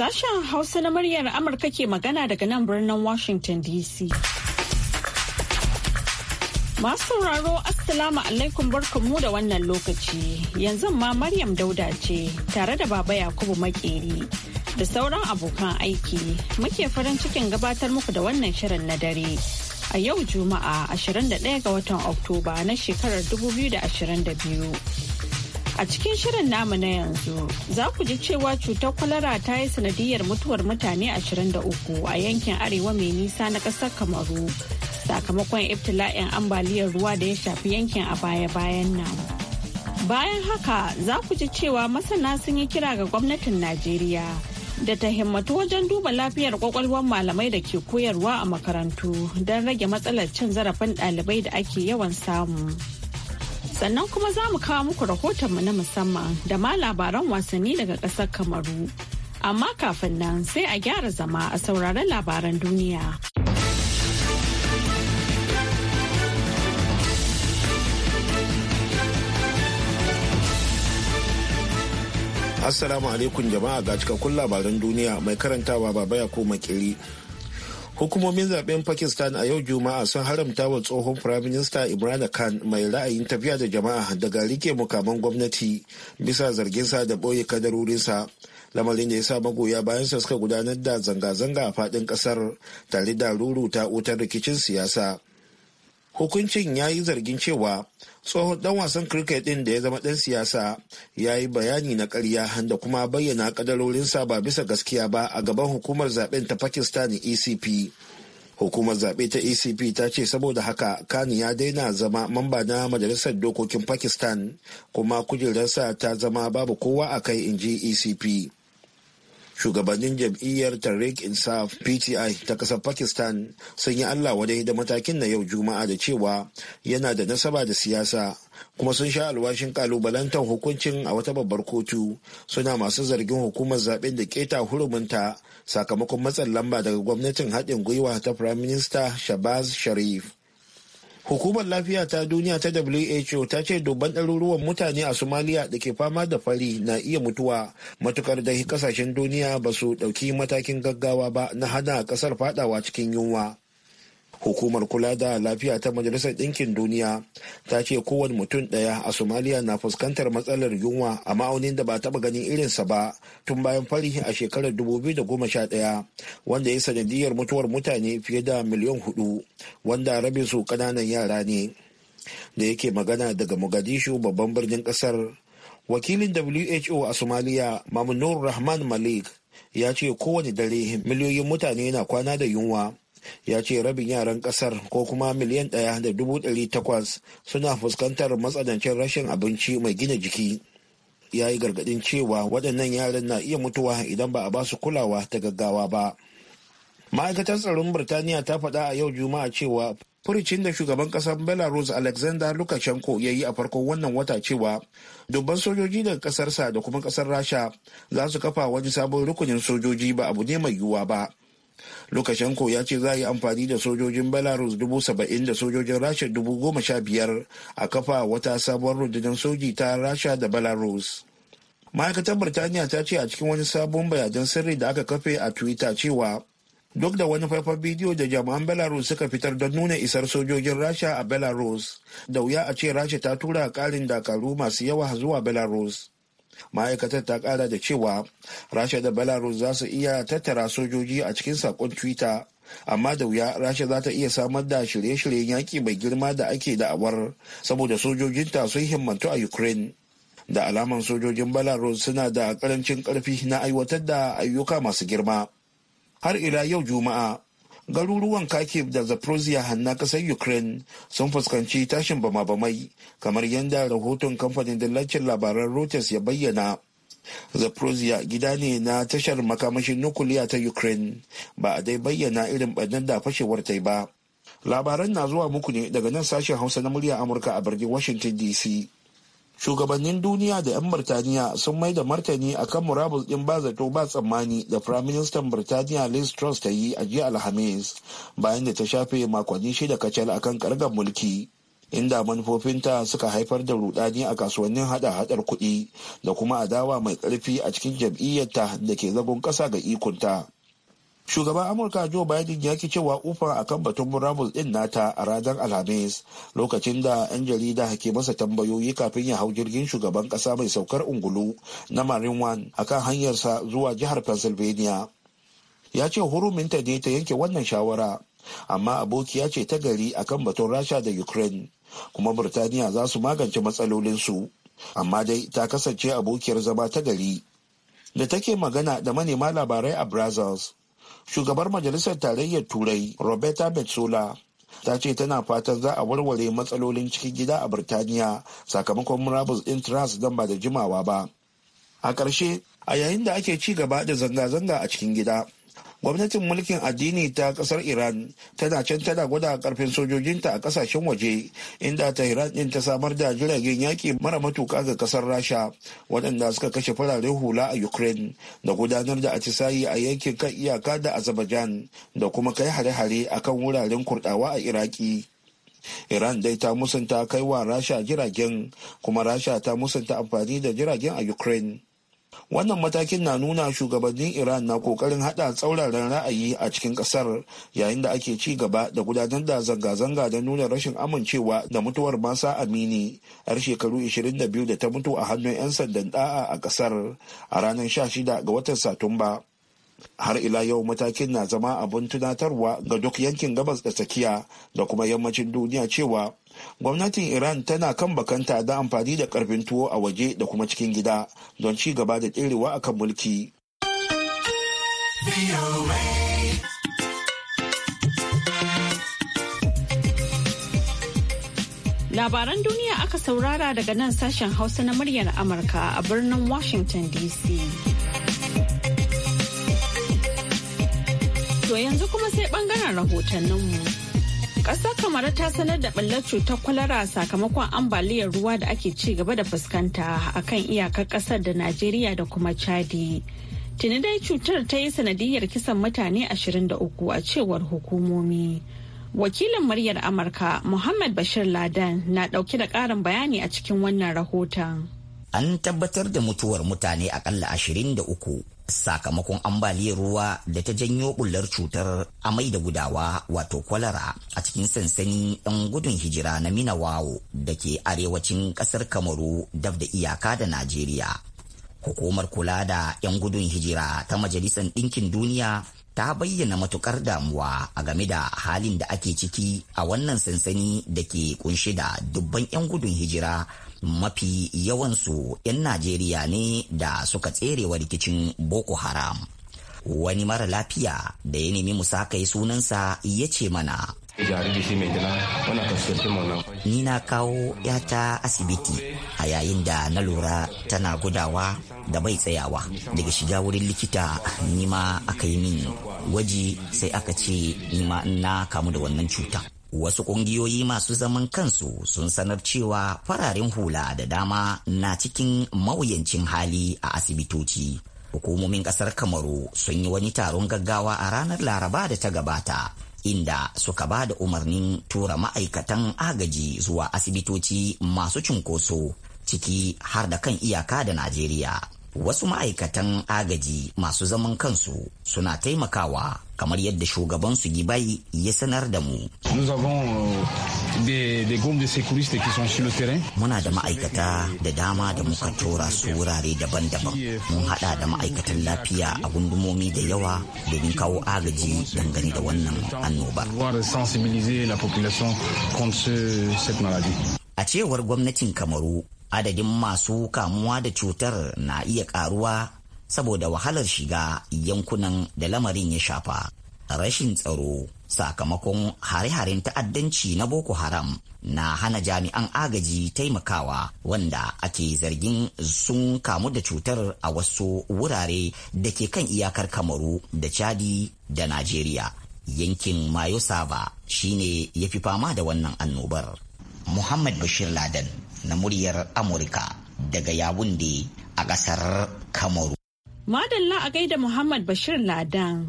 Sashen Hausa na muryar Amurka ke magana daga nan birnin Washington DC. Masu sauraro Assalamu alaikum barkanmu da wannan lokaci. Yanzu ma Maryam Dauda ce tare da Baba Yakubu Makeri da sauran abokan aiki muke farin cikin gabatar muku da wannan shirin na dare. A yau Juma'a 21 ga watan Oktoba na shekarar 2022. A cikin shirin namu na yanzu za ku ji cewa cutar kwalara ta yi sanadiyar mutuwar mutane 23 a yankin arewa mai nisa na ƙasar Kamaru sakamakon iftila'in ambaliyar ruwa da ya shafi yankin a baya-bayan nan. Bayan haka za ku ji cewa masana sun yi kira ga gwamnatin Najeriya da ta himmatu wajen duba lafiyar kwakwalwar malamai da ke koyarwa a makarantu don rage matsalar cin zarafin ɗalibai da ake yawan samu. sannan kuma za mu kawo muku rahotonmu na musamman da ma labaran wasanni daga ƙasar kamaru amma kafin nan sai a gyara zama a sauraron labaran duniya assalamu alaikum jama'a ga cikakkun labaran duniya mai karantawa baba ya ko kiri hukumomin zaben pakistan a yau juma'a sun haramta wa tsohon firaminista imran khan mai ra'ayin tafiya da jama'a daga rike mukaman gwamnati bisa zarginsa da ɓoye kadarorinsa lamarin da ya sa magoya sa suka gudanar da zanga-zanga a fadin kasar tare da ruruta wutar rikicin siyasa hukuncin ya yi zargin cewa tsohon dan wasan cricket din da ya zama dan siyasa ya yi bayani na karya da kuma bayyana kadarorinsa ba bisa gaskiya ba a gaban hukumar zaben ta pakistan ecp hukumar zaɓe ta ecp ta ce saboda haka kani ya daina zama mamba na majalisar dokokin pakistan kuma kujerarsa ta zama babu kowa a kai inji ecp shugabannin jam'iyyar tariq insaf pti ta kasar pakistan sun yi allah wadai da matakin na yau juma'a da cewa yana da nasaba da siyasa kuma sun sha alwashin kalubalantar hukuncin a wata babbar kotu suna masu zargin hukumar zaben da keta hurumunta sakamakon matsin lamba daga gwamnatin haɗin gwiwa ta firaminista shabaz sharif Hukumar lafiya ta duniya ta WHO ta ce dubban ɗaruruwan mutane a Somalia da ke fama da fari na iya mutuwa matukar da kasashen duniya ba su ɗauki matakin gaggawa ba na hana ƙasar fadawa cikin yunwa. hukumar kula da lafiya ta majalisar ɗinkin duniya ta ce kowane mutum ɗaya a somaliya na fuskantar matsalar yunwa a ma'aunin da ba taɓa ganin irinsa ba tun bayan fari a shekarar 2011 wanda ya sanadiyar mutuwar mutane fiye da miliyan hudu wanda rabin su ƙananan yara ne da yake magana daga mogadishu babban birnin ƙasar wakilin who a somaliya mamunur rahman malik ya ce kowane dare miliyoyin mutane na kwana da yunwa ya ce rabin yaran kasar ko kuma miliyan ɗaya da dubu ɗari takwas suna fuskantar matsanancin rashin abinci mai gina jiki ya yi gargaɗin cewa waɗannan yaran na iya mutuwa idan ba a ba su kulawa ta gaggawa ba ma'aikatar tsaron birtaniya ta faɗa a yau juma'a cewa furicin da shugaban ƙasar belarus alexander lukashenko ya yi a farkon wannan wata cewa dubban sojoji daga kasarsa da kuma ƙasar rasha za su kafa wani sabon rukunin sojoji ba abu ne mai yiwuwa ba Lukashenko ya ce za a yi amfani da sojojin Belarus dubu saba'in da sojojin Rasha dubu goma sha biyar a kafa wata sabuwar rundunar soji ta Rasha da Belarus. Ma'aikatar Birtaniya ta ce a cikin wani sabon bayanan sirri da aka kafe a Twitter cewa duk da wani faifan bidiyo da jami'an Belarus suka fitar don nuna isar sojojin Rasha a Belarus, da wuya a ce Rasha ta tura ƙarin dakaru masu yawa zuwa Belarus. ma'aikatar ta kara da cewa rasha da belarus za su iya tattara sojoji a cikin sakon twitter amma da wuya rasha za ta iya samar da shirye-shiryen yaƙi mai girma da ake da'awar saboda sojojinta sun himmantu a ukraine da alaman sojojin belarus suna da karancin karfi na aiwatar da ayyuka masu girma har ila yau juma'a garuruwan kharkiv da zaporozhye hanna kasar ukraine sun fuskanci tashin bama-bamai kamar yadda rahoton kamfanin dillacin labaran reuters ya bayyana zaporozhye gida ne na tashar makamashin nukuliya ta ukraine ba a dai bayyana irin ɓannan da fashewar ta ba labaran na zuwa muku ne daga nan sashen hausa na murya amurka a birnin washington dc shugabannin duniya da 'yan birtaniya sun mai da martani akan murabus ɗin ba zato ba tsammani da firaministan birtaniya liz truss ta yi a jiya alhamis bayan da ta shafe makonni shida kacal akan ƙargar mulki inda manufofinta suka haifar da rudani a kasuwannin hada hadar kuɗi da kuma adawa mai ƙarfi a cikin jam'iyyarta da ke zagon ƙasa ga ikonta. shugaban amurka joe biden ya ki cewa a akan batun murabus ɗin nata a ranar alhamis lokacin da 'yan jarida ke masa tambayoyi kafin ya hau jirgin shugaban ƙasa mai saukar ungulu na marine one akan hanyarsa zuwa jihar pennsylvania ya ce huruminta ne ta yanke wannan shawara amma abokiya ce ta gari akan batun rasha da ukraine kuma burtaniya za su magance matsalolinsu amma dai ta kasance abokiyar zama ta gari da take magana da manema labarai a brazils shugabar majalisar tarayyar turai roberta metsola ta ce tana fatan za a warware matsalolin cikin gida a birtaniya sakamakon murabus din trans don ba da jimawa ba a ƙarshe a yayin da ake ci gaba da zanga-zanga a cikin gida gwamnatin mulkin addini ta kasar iran tana can tana gwada karfin sojojinta a kasashen waje inda tehran din ta samar da jiragen yaki mara matuka ga kasar rasha waɗanda suka kashe fararen hula a ukraine da gudanar da atisayi a yankin kan iyaka da azerbaijan da kuma kai hare-hare a kan wuraren kurdawa a iraki Iran dai ta musanta kai wa Rasha jiragen kuma Rasha ta musanta amfani da jiragen a Ukraine. wannan matakin na nuna shugabannin iran na kokarin hada tsauraran ra'ayi a cikin kasar yayin da ake ci gaba da gudanar da zanga-zanga da nuna rashin amincewa da mutuwar masa amini har shekaru 22 da ta mutu a hannun 'yan sandan da'a a kasar a ranar 16 ga watan satumba har ila yau matakin na zama abin tunatarwa ga duk yankin gabas da tsakiya da kuma yammacin duniya cewa gwamnatin iran tana kan bakanta da amfani da karfin tuwo a waje da kuma cikin gida don ci gaba da tserewa kan mulki labaran duniya aka saurara daga nan sashen hausa na muryar amurka a birnin washington dc to yanzu kuma sai bangaren rahotanninmu. Ƙasar kamar ta sanar da ɓallar cutar kwalara sakamakon ambaliyar ruwa da ake ci gaba da fuskanta a kan iyakar ƙasar da Najeriya da kuma Chadi. Tuni dai cutar ta yi sanadiyar kisan mutane 23 a cewar hukumomi. Wakilin muryar Amurka Muhammad Bashir Ladan na ɗauke da ƙarin bayani a cikin wannan rahoton. an tabbatar da mutuwar mutane akalla uku sakamakon ambaliyar ruwa da ta janyo bullar cutar amai da gudawa wato kwalara a cikin sansani 'yan gudun hijira na minawawo da ke arewacin ƙasar kamaru daf da iyaka da najeriya hukumar kula da 'yan gudun hijira ta majalisar ɗinkin duniya ta bayyana matukar damuwa a game da halin da ake ciki a wannan sansani da ke kunshi da dubban 'yan gudun hijira mafi yawansu 'yan Najeriya ne da suka tserewa rikicin Boko Haram. Wani mara lafiya da ya nemi musakai sunansa ya ce mana Ni na kawo yata asibiti a yayin da na lura tana gudawa da bai tsayawa daga shiga wurin likita nima aka yi min gwaji sai aka ce nima na kamu da wannan cuta. Wasu ƙungiyoyi masu zaman kansu sun sanar cewa fararen hula da dama na cikin mawuyancin hali a asibitoci. Hukumomin ƙasar Kamaru sun yi wani taron gaggawa a ranar Laraba da ta gabata inda suka ba da umarnin tura ma'aikatan agaji zuwa asibitoci masu cunkoso ciki har da kan iyaka da Najeriya. wasu ma'aikatan agaji masu zaman kansu suna taimakawa kamar yadda shugaban su gibai ya sanar da mu. Euh, Muna da ma'aikata da dama da muka tura su wurare daban-daban. Mun hada da ma'aikatan lafiya a gundumomi da yawa domin kawo agaji dangane da wannan annobar. A cewar gwamnatin Kamaru adadin masu kamuwa da cutar na iya karuwa saboda wahalar shiga yankunan da lamarin ya shafa rashin tsaro sakamakon hare-haren ta'addanci na boko haram na hana jami'an agaji taimakawa wanda ake zargin sun kamu da cutar a wasu wurare da ke kan iyakar kamaru da chadi da najeriya yankin mayo saba shine ya fi fama da wannan annobar muhammad bashir laden na muryar Amurka daga Yawunde a ƙasar Kamaru. Madalla a gaida Muhammad Bashir Ladan.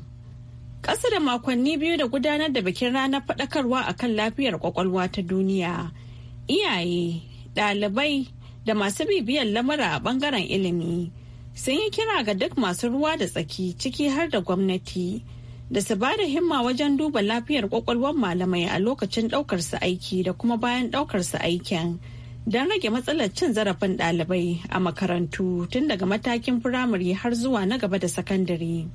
Ƙasa da makonni biyu da gudanar da bikin ranar faɗakarwa a kan lafiyar ƙwaƙwalwa ta duniya. Iyaye, ɗalibai da masu bibiyar lamura a ɓangaren ilimi sun yi kira ga duk masu ruwa da tsaki ciki har da gwamnati da su ba da himma wajen duba lafiyar ƙwaƙwalwar malamai a lokacin ɗaukar su aiki da kuma bayan ɗaukar su aikin. don rage matsalar cin zarafin ɗalibai a makarantu tun daga matakin firamare har zuwa na gaba da sakandare.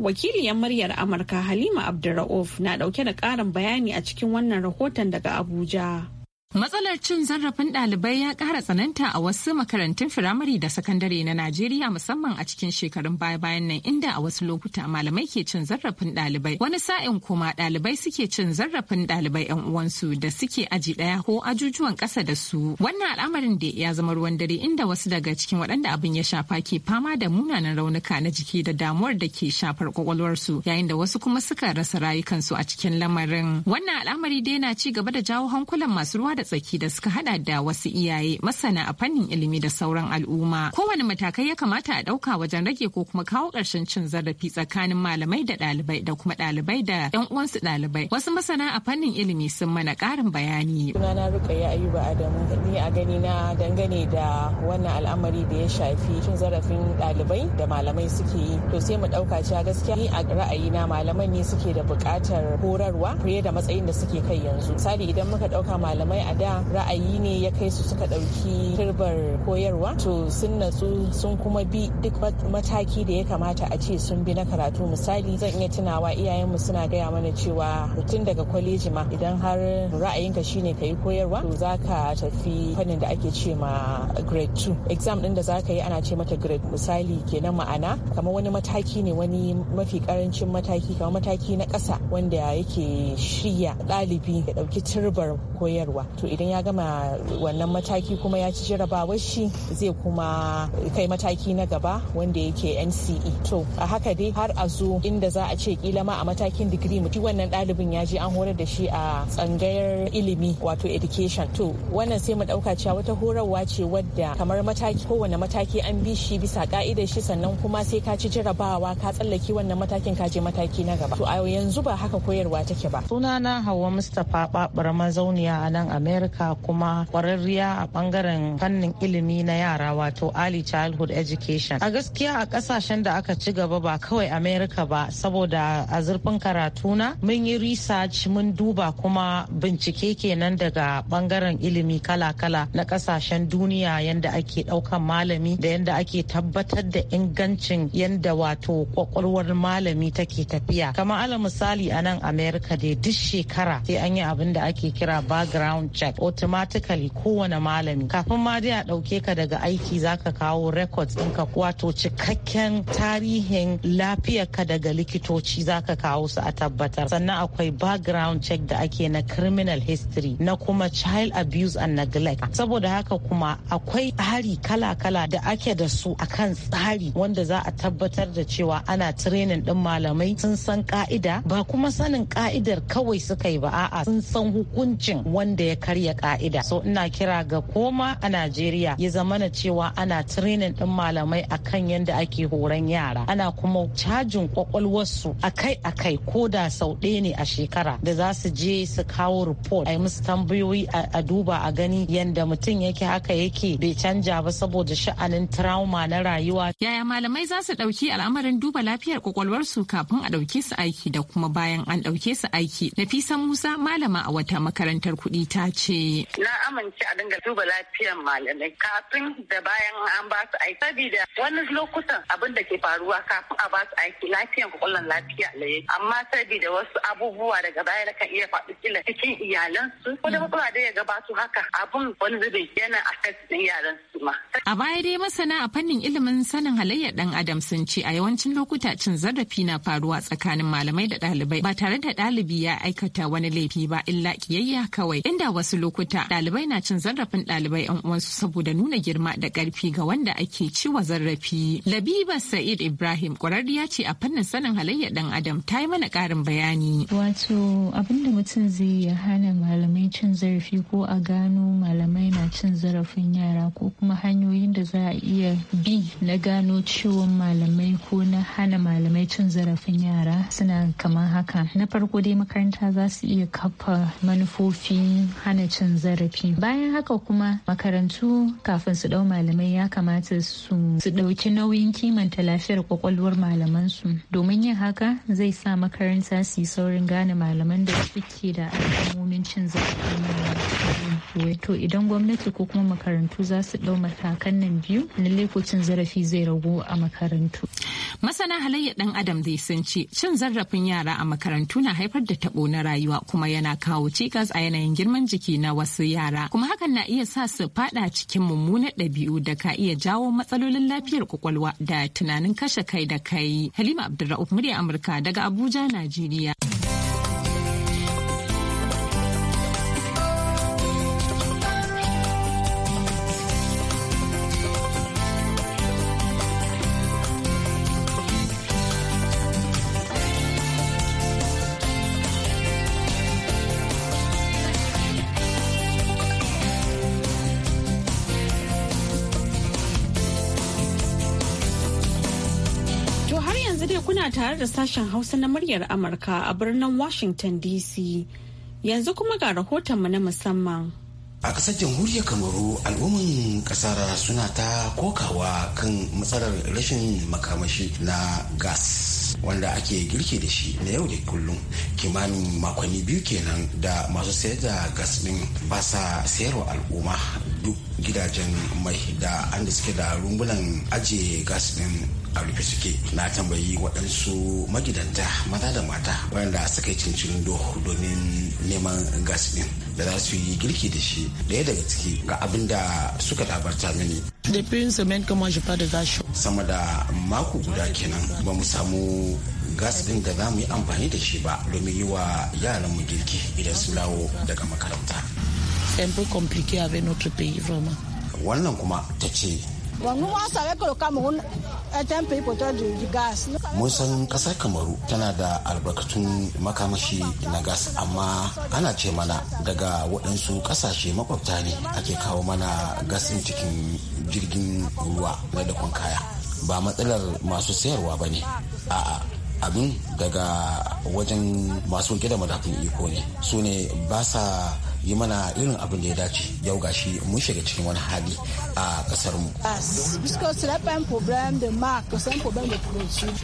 Wakiliyar muryar Amurka Halima Abdulra'uf na ɗauke da ƙarin bayani a cikin wannan rahoton daga Abuja. Matsalar cin zarafin ɗalibai ya ƙara tsananta a wasu makarantun firamare da sakandare na Najeriya musamman a cikin shekarun baya-bayan nan inda a wasu lokuta malamai ke cin zarafin ɗalibai. Wani sa'in kuma ɗalibai suke cin zarafin ɗalibai 'yan uwansu da suke aji ɗaya ko ajujuwan ƙasa da su. Wannan al'amarin da ya zama ruwan dare inda wasu daga cikin waɗanda abin ya shafa ke fama da munanan raunuka na jiki da damuwar da ke shafar kwakwalwarsu yayin da wasu kuma suka rasa rayukansu a cikin lamarin. Wannan al'amari dai na ci gaba da jawo hankulan masu ruwa da tsaki da suka hada da wasu iyaye masana a fannin ilimi da sauran al'umma kowane matakai ya kamata a ɗauka wajen rage ko kuma kawo ƙarshen cin zarafi tsakanin malamai da ɗalibai da kuma ɗalibai da yan uwansu ɗalibai wasu masana a fannin ilimi sun mana ƙarin bayani. sunana rukayya ayuba adamu ni a gani na dangane da wannan al'amari da ya shafi cin zarafin ɗalibai da malamai suke yi to sai mu ɗauka cewa gaskiya ni a ra'ayina malamai ne suke da buƙatar horarwa fiye da matsayin da suke kai yanzu misali idan muka ɗauka malamai a da ra'ayi ne ya kai su suka ɗauki turbar koyarwa to sun natsu sun kuma bi duk mataki da ya kamata a ce sun bi na karatu misali zan iya tunawa iyayenmu suna gaya mana cewa tun daga kwaleji ma idan har ra'ayinka shine ka yi koyarwa to za ka tafi fannin da ake ce ma grade 2 exam din da za ka yi ana ce mata grade misali kenan ma'ana kamar wani mataki ne wani mafi karancin mataki kama mataki na ƙasa wanda yake shirya ɗalibi ya ɗauki turbar koyarwa to idan ya gama wannan mataki kuma ya ci jarabawar shi zai kuma kai mataki na gaba wanda yake nce to a haka dai har a zo inda za a ce kila ma a matakin digiri mutum wannan ɗalibin ya je an horar da shi a tsangayar ilimi wato education to wannan sai mu ɗauka cewa wata horarwa ce wadda kamar mataki kowane mataki an bi shi bisa ka'idar shi sannan kuma sai ka ci jarabawa ka tsallake wannan matakin ka je mataki na gaba to a yanzu ba haka koyarwa take ba sunana hawa mustapha babura mazauniya a nan a america kuma kwararriya a bangaren fannin ilimi na yara wato early childhood education a gaskiya a kasashen da aka ci gaba ba kawai america ba saboda a zurfin karatuna mun yi research mun duba kuma bincike kenan daga bangaren ilimi kala-kala na kasashen duniya yadda ake daukan malami da yadda ake tabbatar da ingancin yadda wato kwakwalwar malami take tafiya kamar ala misali a nan america dai duk shekara sai an yi abin da ake kira background check automatically kowane malami kafin ma dai a ɗauke ka daga aiki zaka kawo records ɗinka wato cikakken tarihin lafiyarka daga likitoci zaka kawo su a tabbatar sannan akwai background check da ake na criminal history na kuma child abuse and neglect saboda haka kuma akwai tsari kala-kala da ake da su akan tsari wanda za a tabbatar da cewa ana training ɗin malamai sun san ka'ida ba kuma sanin ka'idar kawai suka yi ba a'a sun san hukuncin wanda ya karya ka'ida so ina kira ga koma a najeriya ya zamana cewa ana training din malamai akan yadda ake horon yara ana kuma cajin kwakwalwarsu akai akai ko da sau ɗaya ne a shekara da za su je su kawo report a yi musu tambayoyi a duba a gani yadda mutum yake haka yake bai canja ba saboda sha'anin trauma na rayuwa yaya malamai za su ɗauki al'amarin duba lafiyar kwakwalwarsu kafin a ɗauke su aiki da kuma bayan an ɗauke su aiki nafisa musa malama a wata makarantar kuɗi ta ce. Na amince a dinga duba lafiyar malamai kafin da bayan an ba su aiki. Sabida wani lokutan abin da ke faruwa kafin a ba su aiki lafiyar kwakwallon lafiya laye. Amma sabida wasu abubuwa daga baya da kan iya faɗi kila cikin iyalansu. Ko da kuma da ya su haka abin wani zubin yana a ɗin iyalansu ma. A baya dai masana a fannin ilimin sanin halayyar ɗan adam sun ce a yawancin lokuta cin zarafi na faruwa tsakanin malamai da ɗalibai ba tare da ɗalibi ya aikata wani laifi ba illa kiyayya kawai. Inda wasu lokuta dalibai na cin zarrafin dalibai 'yan uwansu saboda nuna girma da karfi ga wanda ake ciwa zarrafi Labiba Sa'id Ibrahim ƙwararriya ce a fannin sanin halayya dan Adam ta yi mana karin bayani. Wato abinda mutum zai ya hana malamai cin zarafi ko a gano malamai na cin zarafin yara ko kuma hanyoyin da za a iya bi na gano ciwon malamai ko na hana malamai cin zarafin yara suna kamar haka. Na farko dai makaranta za su iya kafa manufofin hana cin zarafi bayan haka kuma makarantu kafin su ɗau malamai ya kamata su ɗauki nauyin kimanta lafiyar kwakwalwar malamansu domin yin haka zai sa makaranta su yi saurin gane malaman da suke da alamomin cin zarafi to idan gwamnati ko kuma makarantu za su ɗau matakan nan biyu lallai ko cin zarafi zai ragu a makarantu masana halayyar dan adam dai sun ce cin zarafin yara a makarantu na haifar da tabo na rayuwa kuma yana kawo cikas a yanayin girman jiki ciki na wasu yara kuma hakan na iya sa su fada cikin mummunan ɗabi'u da ka iya jawo matsalolin lafiyar kwakwalwa da tunanin kashe kai da kai halima abdurrauf murya amurka daga abuja najeriya kuna tare da sashen Hausa na muryar Amurka a birnin Washington DC. Yanzu kuma ga rahotonmu na musamman. a kasar jamhuriyar kamaru al'umman kasar suna ta kokawa kan matsalar rashin makamashi na gas wanda ake girke da shi na yau da kullum kimanin makonni biyu kenan da masu sayar da gas din ba sa sayarwa al'umma duk gidajen mai da an suke da rumbunan ajiye gas din a rufe suke na tambayi waɗansu magidanta maza da mata waɗanda suka yi cincin doho domin neman gas din da za su yi girki da shi daya daga ciki ga abin da suka labarta mini sama da mako guda kenan ba mu samu gas din da za mu yi amfani da shi ba domin yi wa yaran mu girki idan su dawo daga makaranta un peu a bɛ notre pays vraiment. Wannan kuma ta ce. Mun san kasar Kamaru tana da albarkatun makamashi na gas amma ana ce mana daga waɗansu ƙasashe makwabta ne ake kawo mana gasin cikin jirgin ruwa na dakon kaya. Ba matsalar masu sayarwa ba ne. A'a abin daga wajen masu da madafin iko ne su ne ba sa yi mana irin abin da ya dace yau gashi mun shiga cikin wani hali a kasar mu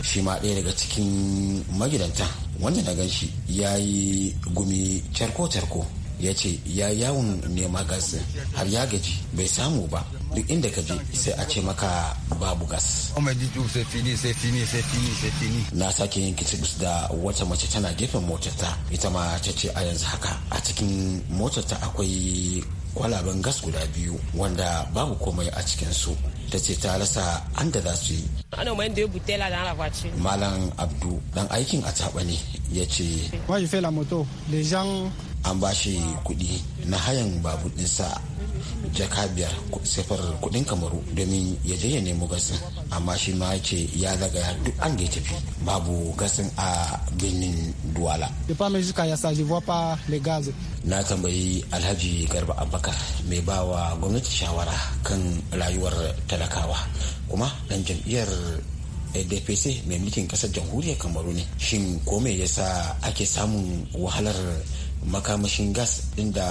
shi ma ɗaya daga cikin magidanta wanda na gan shi ya yi gumi carko carko. ya ce ya yawon nema gas har ya gaji bai samu ba duk inda ka je sai a ce maka babu gas na sake yin kitibus da wata mace tana gefen motarta ita ma ta ce a yanzu haka a cikin motarta akwai kwalaben gas guda biyu wanda babu komai a cikinsu ta ce ta rasa an da za su yi. Malam Abdu dan aikin a ne ya ce. an ba shi kuɗi na hayan babur ɗinsa jaka biyar sifar kuɗin kamaru domin ya je ya nemo gasin amma shi ma ce ya zaga duk an da tafi babu gasin a birnin duwala na tambayi alhaji garba abubakar mai ba wa gwamnati shawara kan rayuwar talakawa kuma dan jam'iyyar ADPC mai mulkin kasar jamhuriyar kamaru ne shin kome ya sa ake samun wahalar makamashin gas inda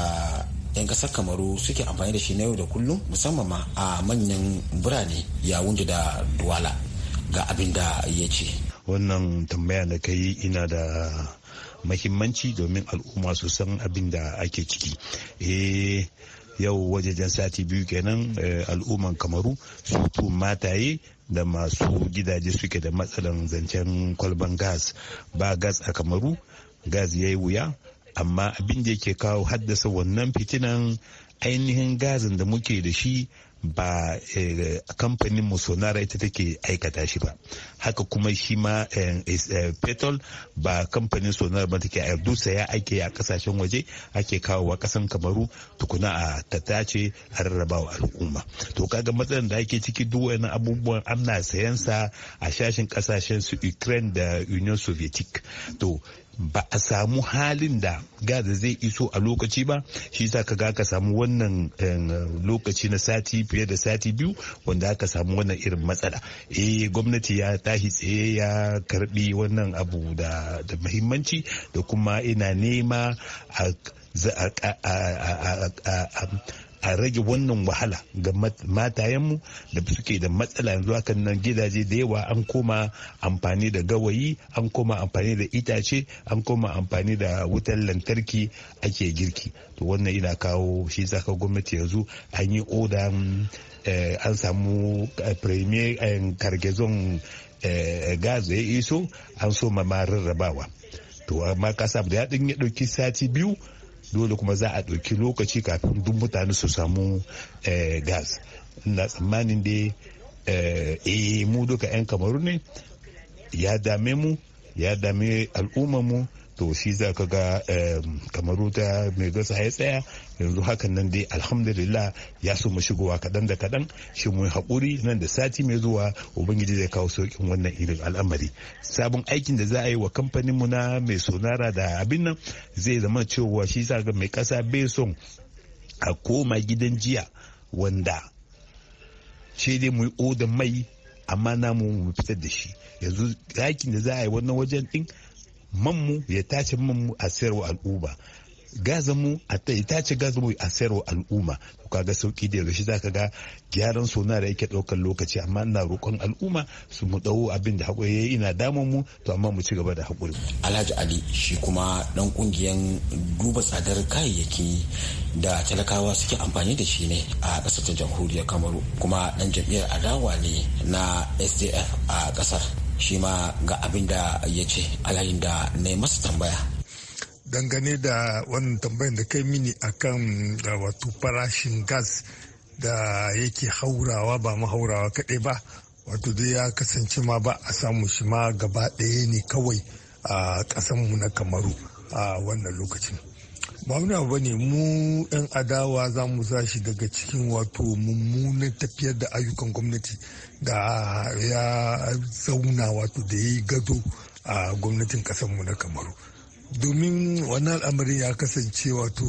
'yan kasar kamaru suke amfani da shi na yau da kullum musamman ma a manyan birane ya wunji da duwala ga abin da ya ce wannan tambaya da kai ina da mahimmanci domin al'umma su san abin da ake ciki eh yau wajajen sati biyu kenan eh, al'umman kamaru su tu mataye da masu gidaje suke da matsalan zancen kwalban gas ba gas a kamaru gas ya yi wuya amma abin da yake kawo haddasa wannan fitinan ainihin gazin da muke da shi ba eh, kamfanin sonara ita take aikata shi ba haka kuma shi ma eh, eh, petrol ba kamfanin sonar ba take dusa ya ake a kasashen waje ake kawo kawowa kasan kamaru tukuna a tattace a rarrabawa al'umma to kaga matsalar da ake ciki duk wani abubuwan amna sayansa a shashin kasashen su ukraine da union soviet to ba a samu halin da gaza zai iso a lokaci ba shi sa ka ga ka samu wannan eh, lokaci na sati fiye da sati biyu wanda aka samu wannan irin matsala eh gwamnati ya tashi tsaye ya karbi wannan abu da mahimmanci da kuma ina nema a a rage wannan wahala ga matayenmu da suke da matsala yanzu hakan nan gidaje da yawa an koma amfani da gawayi an koma amfani da itace an koma amfani da wutar lantarki ake girki to wannan ina kawo shi zaka gwamnati yanzu an yi oda eh, an samu eh, premier eh, kargezon gas ya iso an so ma rarrabawa to amma kasa da ya ɗauki sati biyu dole kuma za a ɗauki lokaci kafin duk mutane su samu eh, gas na tsammanin da eh, eh mu duka 'yan kamaru ne ya dame mu ya dame al'ummarmu to shi za ka ga kamaru ta mai gasa ya tsaya yanzu hakan nan dai alhamdulillah ya so mu shigowa kaɗan da kadan shi mu haƙuri nan da sati mai zuwa ubangiji zai kawo sauƙin wannan irin al'amari sabon aikin da za a yi wa kamfanin mu na mai sonara da abin nan zai zama cewa shi za ga mai ƙasa bai son a koma gidan jiya wanda shi dai mu yi odan mai amma namu mu fitar da shi yanzu aikin da za a yi wannan wajen ɗin manmu ya tace manmu a sayarwa al'umma gazamu a ta tace gazamu a sayarwa al'umma to kaga sauki da yaushe zaka ga gyaran sona da yake daukar lokaci amma ina roƙon al'umma su mu dawo abin da hakuri yayi ina damar mu to amma mu ci gaba da hakuri Alhaji Ali shi kuma ɗan kungiyan duba tsadar kayayyaki da talakawa suke amfani da shi ne a ƙasar ta jamhuriyar Kamaru kuma ɗan jam'iyyar adawa ne na SDF a ƙasar shi ma ga abin da ya ce a yayin da na yi masa tambaya dangane da wannan tambayan da kai mini a kan wato farashin gas da yake haurawa ba mu haurawa kaɗai ba wato dai ya kasance ma ba a samu shi ma gaba ɗaya ne kawai a ƙasanmu na kamaru a wannan lokacin ba wani abu ne mu 'yan adawa za mu sa shi daga cikin wato mummunan tafiyar da ayyukan gwamnati Da ya zauna wato da ya yi gado a gwamnatin kasanmu na kamaru domin wani al'amarin ya kasance wato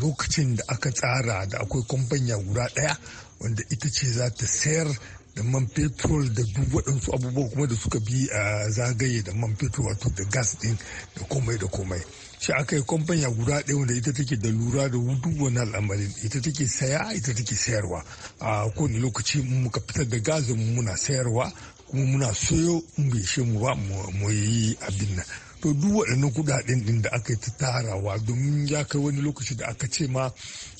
lokacin da aka tsara da akwai kwamfanya guda ɗaya wanda ita ce za ta sayar da man fetur da duk waɗansu abubuwa kuma da suka bi a zagaye da man fetur wato da gas ɗin da komai da komai shi aka yi kwamfanya guda ɗaya wanda ita take da lura da duk wani al'amarin ita take saya ita take sayarwa a kowane lokaci muka fitar da gazin muna sayarwa kuma muna soyo in bai mu ba mu yi abin nan to duk waɗannan kuɗaɗen ɗin da aka yi ta tarawa domin ya kai wani lokaci da aka ce ma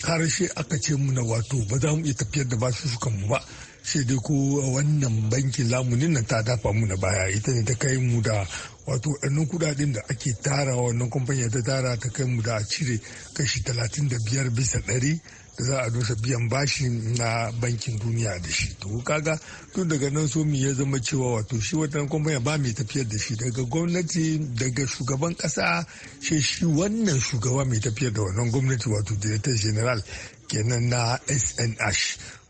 har aka ce muna wato ba za mu iya tafiyar da ba basussukan mu ba sai dai ko wannan bankin lamunin nan ta dafa mu na baya ita ne ta kai mu da wato ɗannan kudaden da ake tara wannan kamfani ta tara ta kai mu da a cire kashi talatin da biyar bisa ɗari da za a dosa biyan bashi na bankin duniya da shi to kaga tun daga nan so ya zama cewa wato shi wannan kamfani ba mai tafiyar da shi daga gwamnati daga shugaban kasa shi shi wannan shugaba mai tafiyar da wannan gwamnati wato director general kenan na snh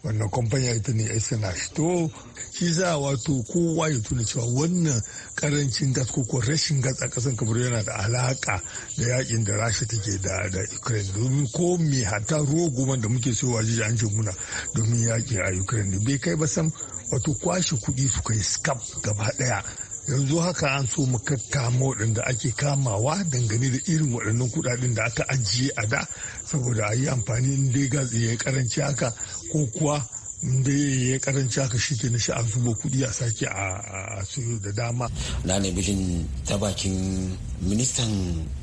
wannan kwamfanya ita ne espionage to shi za a wato kowa ya tuna cewa wannan karancin gas ko rashin gas a kasan kamar yana da alaka da yakin da rasha take da da ukraine domin ko me hata goma da muke sayowa jiji an ce muna domin yaki a ukraine bai kai ba sam wato kwashe kuɗi suka yi scap gaba ɗaya yanzu haka an so mu kakkama waɗanda ake kamawa dangane da irin waɗannan kuɗaɗen da aka ajiye a da saboda a yi amfani in dai gas ya karanci haka ko kuwa da ya karanci haka shi ke na an zubo kuɗi a sake a suyo da dama. Na nemi jin ta bakin ministan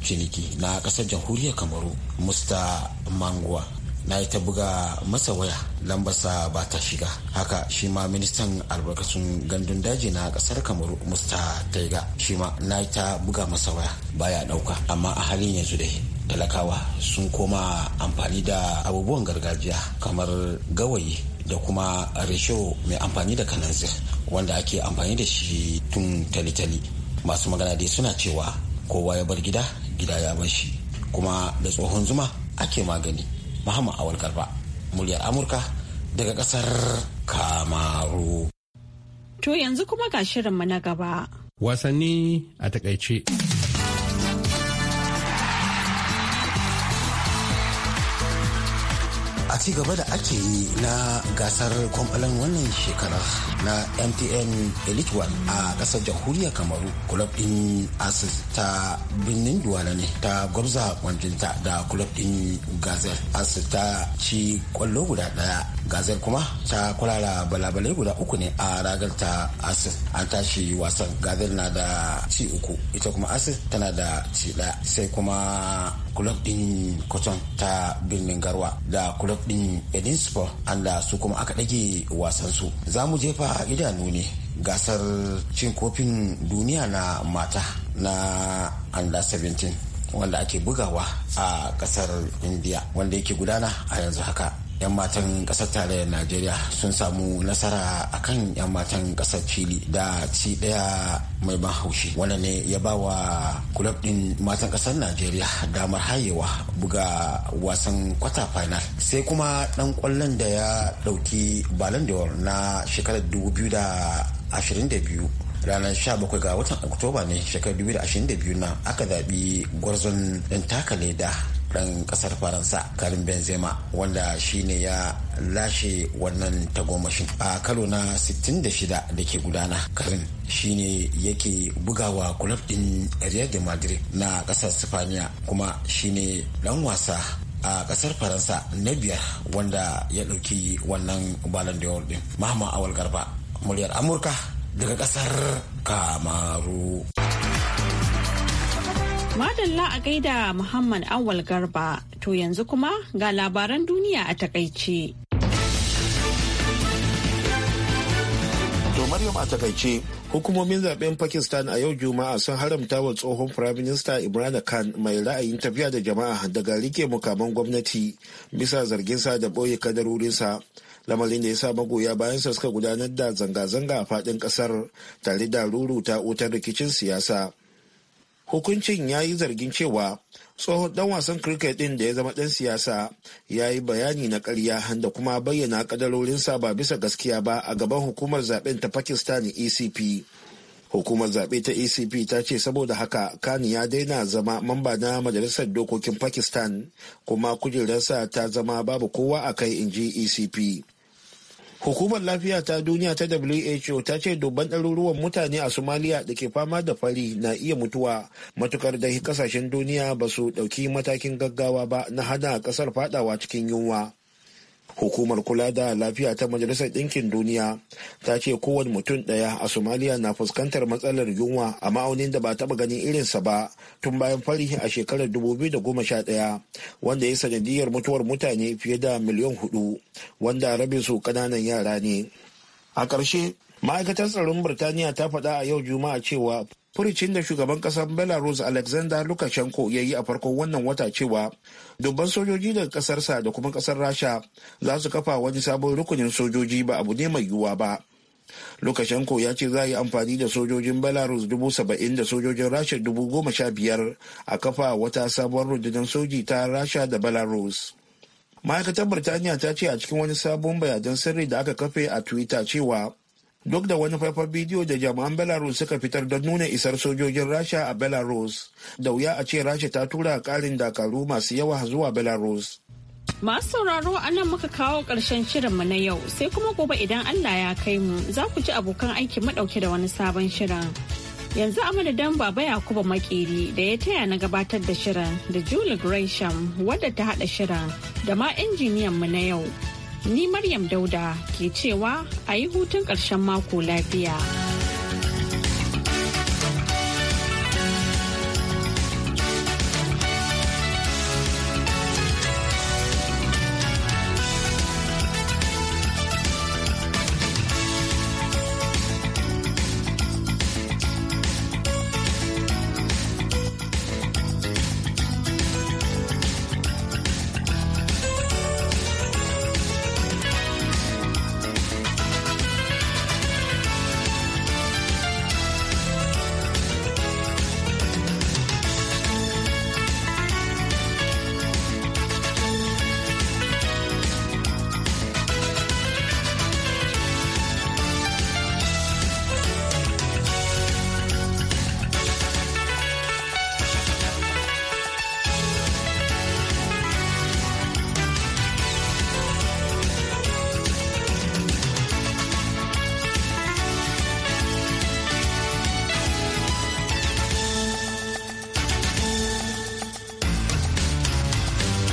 ciniki na ƙasar jamhuriyar Kamaru, Musta Manguwa. na ta buga masa waya lambarsa ba ta shiga haka shi ma ministan albarkatun gandun daji na kasar kamaru musta taiga shi ma na ta buga masa waya baya dauka amma a halin yanzu dai talakawa sun koma amfani da abubuwan gargajiya kamar gawayi da kuma resho mai amfani da kananzir wanda ake amfani da shi tun talitali masu magana dai suna cewa kowa ya bar gida gida ya bar shi kuma da tsohon zuma ake magani Muhammad Awal Garba, muryar Amurka daga kasar Kamaru. To yanzu kuma ga shirinmu na gaba. Wasanni a takaice. a ci gaba da ake yi na gasar kwamfalan wannan shekarar na mtn elite one a kasar jamhuriyar kamaru kulob din asus ta birnin duwala ne ta gwabza kwanjinta da kulob din gazel asus ta ci kwallo guda daya gazel kuma ta kwalara balabalai guda uku ne a ragar ta asus an tashi wasan gazel na da ci uku ita kuma asus tana da ci daya sai kuma club din cotton ta birnin garwa da club din an anda su kuma aka ɗage wasansu za mu jefa idanu ne gasar cin kofin duniya na mata na anda 17 wanda ake bugawa a kasar indiya wanda yake gudana a yanzu haka 'yan matan kasar tarayyar najeriya sun samu nasara a kan 'yan matan kasar chile da ci daya mai ban haushi wanda ne ya ba wa kulab din matan kasar najeriya damar hayewa buga wasan kwata final sai kuma dan kwallon da ya dauki balon d'or na shekarar 2022 ranar 17 ga watan oktoba ne shekarar 2022 na aka zaɓi gwarzon ɗan taka leda ɗan ƙasar faransa karim benzema wanda shine ya lashe wannan tagomashin a karo na 66 da ke gudana karim shine yake bugawa kulab ɗin real de madrid na ƙasar sifaniya kuma shine ɗan wasa a ƙasar faransa na biyar wanda ya ɗauki wannan balon d'or din mahama awal garba muryar amurka daga kasar kamaru madalla a gaida muhammad awal garba to yanzu kuma ga labaran duniya a takaice Maryam a takaice hukumomin zaben Pakistan a yau Juma'a sun haramta wa tsohon Firaminista Imran Khan mai ra'ayin tafiya da jama'a daga rike mukaman gwamnati bisa zarginsa da boye kadarorinsa lamarin da ya sa magoya sa suka gudanar da zanga-zanga a fadin kasar tare da ruruta wutar rikicin siyasa hukuncin ya yi zargin cewa tsohon dan wasan cricket din da ya zama dan siyasa ya yi bayani na karya da kuma bayyana kadarorinsa ba bisa gaskiya ba a gaban hukumar zaben ta pakistan ecp hukumar zaɓe ta ecp ta ce saboda haka kani ya daina zama mamba na majalisar dokokin pakistan kuma kujerarsa ta zama babu kowa a kai in ji ecp Hukumar lafiya ta duniya ta WHO ta ce dubban ɗaruruwan mutane a Somalia da ke fama da fari na iya mutuwa matukar da kasashen duniya ba su ɗauki matakin gaggawa ba na hana ƙasar fadawa cikin yunwa. hukumar kula da lafiya ta majalisar ɗinkin duniya ta ce kowane mutum ɗaya a somaliya na fuskantar matsalar yunwa a ma'aunin da ba taɓa ganin irinsa ba tun bayan fari a shekarar 2011 wanda ya sanadiyar mutuwar mutane fiye da miliyan hudu wanda rabin su ƙananan yara ne a ƙarshe ma'aikatar tsaron birtaniya ta faɗa a yau juma'a cewa furicin da shugaban kasar belarus alexander lukashenko ya yi a farkon wannan wata cewa dubban sojoji daga kasarsa da kuma kasar rasha za su kafa wani sabon rukunin sojoji ba abu ne mai yiwuwa ba lukashenko ya ce za a yi amfani da sojojin belarus dubu saba'in da sojojin rasha dubu goma sha biyar a kafa wata sabon rundunar soji ta rasha da belarus ma'aikatar birtaniya ta ce a cikin wani sabon bayanan sirri da aka kafe a twitter cewa duk da wani faifan bidiyo da jami'an belarus suka fitar don nuna isar sojojin rasha a belarus da wuya a ce rasha ta tura karin dakaru masu yawa zuwa belarus masu sauraro a nan muka kawo ƙarshen shirinmu na yau sai kuma gobe idan allah ya kai mu za ku ji abokan aiki madauke da wani sabon shirin yanzu a madadin baba yakuba makeri da ya taya na gabatar da shirin da julie gresham wadda ta haɗa shirin da ma injiniyan mu na yau Ni Maryam Dauda ke cewa a yi hutun ƙarshen mako lafiya.